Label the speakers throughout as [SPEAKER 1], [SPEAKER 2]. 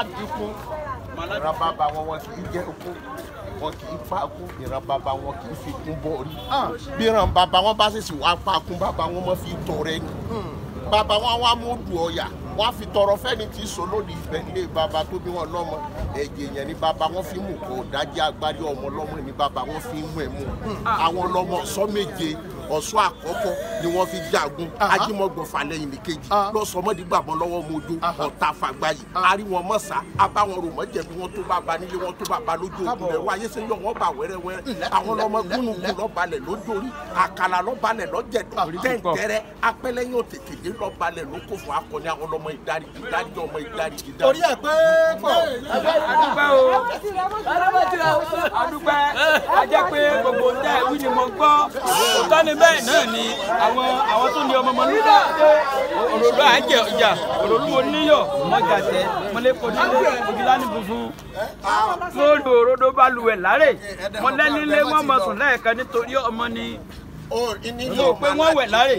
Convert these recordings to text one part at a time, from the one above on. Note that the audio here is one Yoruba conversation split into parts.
[SPEAKER 1] àdìpọ̀ ìràbàbà wọn wọn kì í jẹ oko wọn kì í pa oko ìràbàbà wọn kì í fi kún bọ orí ah, bí ìran bàbá wọn bá ṣèṣì wá pa kún bàbá wọn mọ fi tọrẹ ni hmm. baba wọn wá mú dùn ọyà wọn fi tọrọ fẹni tí sọ lónìí ibẹ nílé bàbá tó bí wọn lọmọ ẹ̀jẹ̀ yẹn ni baba wọn fi mú kó dájí agbárí ọmọ lọmọ ni bàbá wọn fi mú ẹ mú hmm. àwọn lọmọ sọ méje ọ̀ṣun àkọ́kọ́ ni wọ́n fi jagun ajímọ̀gbọ̀n falẹ̀yìn nìkejì lọ́sọmọdé gbàgbọ́ lọ́wọ́ mojo ọ̀tá fàgbáyé àrí wọn mọ̀sá abáwọn rò mọ́jẹ̀ bí wọ́n tó bá ba nílé wọ́n tó bá ba lójú ogun rẹ̀ wáyé sí yọ̀ wọ́n bá wẹ́rẹ́wẹ́rẹ́ àwọn ọmọ gúnugún lọ́balẹ̀ lójórí àkàlà lọ́balẹ̀ lọ́jẹ̀dọ̀ tẹ̀ǹtẹ̀rẹ̀ apẹ́lẹ́yìn òtètèlé lọ́balẹ̀ lóko fún akọni adúpẹ́ ajẹ́
[SPEAKER 2] pé gbogbo tẹ́ wí ni mo gbọ́ òótọ́ ni bẹ́ẹ̀ náà ni àwọn àwọn tó ní ọmọ ọmọ nígbà pé òròlú àjẹ ìjà òròlú oníyọ̀ mọ́jà tẹ mọ́lẹ́kọ̀ọ́ nílé ògìlá ní funfun lórí òròdó balùwẹ̀ láre mọ́lẹ́nílé wọ́n mọ̀ sùn lẹ́ẹ̀kan nítorí ọmọ ni mo pé wọ́n wẹ̀ láre.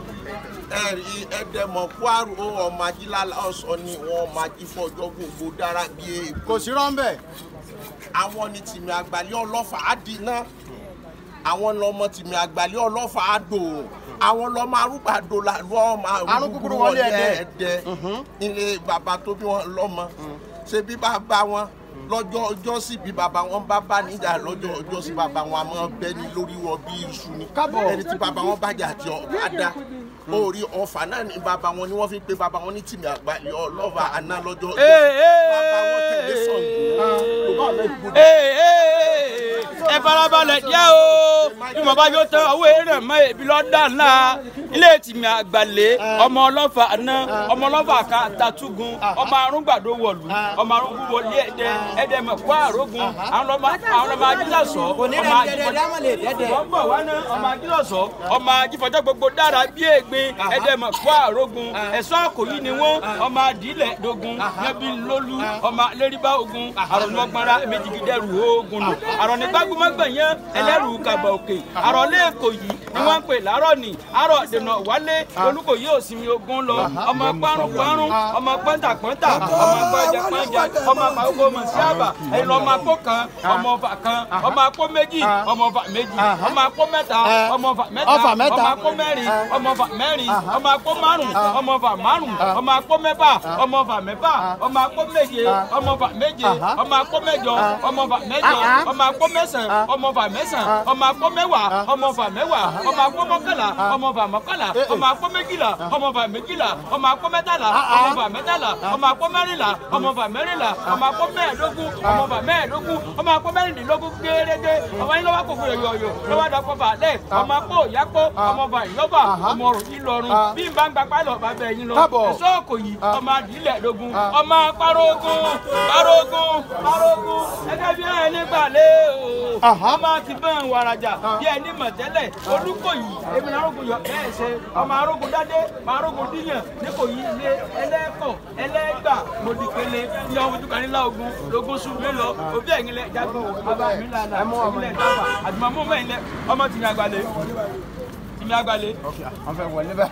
[SPEAKER 1] ẹ̀ẹ́dẹ̀mọ̀ kwaru ó ọmọ ají lálá ọ̀sán ni wọ́n ọmọ ají fọjọ́ gbogbo dára bí èèbù. kò sí rọ́ńbẹ́. àwọn ni tìmí àgbàlẹ́ ọlọ́fà á di iná àwọn lọmọ tìmí àgbàlẹ́ ọlọ́fà á dòòrùn àwọn lọmọ arúgbàdo làlú ọmọ arúgbùrú wọlé ẹ̀dẹ̀ ilé bàbá tó wọn lọmọ ṣe bí bàbá wọn lọ́jọ́ ọjọ́ sì bí bàbá wọn bá bá níjà lọ́jọ́ ọjọ́ sì bàbá wọn a máa bẹ́ ní lórí wọn bí iṣu ni ẹni tí bàbá wọn bàjẹ́ àti ọ̀dà orí ọfà náà ni bàbá wọn ni wọ́n fi pe bàbá wọn ní tìmí àgbà yọ lọ́ọ̀fà àná lọ́jọ́ ọjọ́ bàbá wọn tẹ̀lé sọ̀gbìn ah, ẹ farabalẹ̀ jẹ́ o.
[SPEAKER 2] bí mo bá yóò tán owó eré mọ èbí lọ́dà náà ilé àgbàlẹ̀ ọmọ ọlọ́fà àná ọmọ ọlọ́fà ka tatugun ah. ọmọ arúgbàdo wọlu ah. ọmọ arúgbó wọlé ẹdẹ ah. mọ̀ kó àrógun àwọn ọmọ ajílọ̀sọ ọmọ ọmọ gbogbo dára bí ọmọ ọmọ ogun ogun òkè àròlé èkó yìí ni wọ́n ń pè láàárọ̀ ni àrò dènà wálé olùkòyí òsinmi ogun lọ ọmọ párùnpárùn ọmọ pọ́ńtàpọ́ńtà ọmọ pọ́njàpọ́njà ọmọ ọmọ sí àbà ẹ̀yìn lọ́mọ akó kan ọmọ ọfà kan ọmọ akó méjì ọmọ ọfà méjì ọmọ akó mẹ́ta ọmọ ọfà mẹ́ta ọmọ akó mẹ́rin ọmọ ọfà mẹ́rin ọmọ akó márùn ọmọ ọfà márùn ọmọ akó mẹ́fà ọmọ ọfà mẹ́fà ọmọ akó méje ọmọ ọfà méje ọmọ akó mẹ́jọ ọmọ ọfà mẹ́fà ọmọ ọba mẹ́wàá ọmọ àpò mọ́kànlá ọmọ ọba mọ́kànlá eh, eh. ọmọ àpò méjìlá ọmọ ọba méjìlá ọmọ àpò mẹ́tàlá ah, ah. ọmọ ọba mẹ́tàlá ọmọ àpò mẹ́rìnlá ọmọ ọba mẹ́rìnlá ọmọ àpò mẹ́ẹ̀ẹ́dógún ọmọ ọba mẹ́ẹ̀ẹ́dógún ọmọ àpò mẹ́rìndínlógún géérégé ọmọ yín lọ́wọ́ kòkòrò yọ̀yọ̀ lọ́wọ́ dọ́kọ̀ balẹ̀ ọmọ àpò ìyápò ọmọ ọba ìyọ́bà ah. ọmọ ìlọrun bí n bá ń gba pálọ̀ bá bẹ yín lọ ẹ̀sọ́ òkò yìí ọmọ àdìlẹ̀ lógún ọmọ parógún parógún parógún gẹ́gẹ́ bí ẹni gbàlẹ́ o ọmọ ti bẹ́ẹ̀ warajà bí ẹni mọ̀tẹ́lẹ̀ olúkòyí èmi arógun yọ bẹ́ẹ̀ ṣe ọmọ arógun dádé ọmọ arógun díyàn níkòyí ilé ẹlẹ́kọ̀ ẹlẹ́gbà mọ̀dìpele ní ọmọ ojú kanilá ogun lógún sùn mí lọ òbí ẹ̀yìn lẹ jágbó bàbá mi lànà ìpínlẹ̀ dábà àdùmọ̀mọ́ mẹ́rin lẹ ọmọ tìǹyà gbalẹ̀ tìǹyà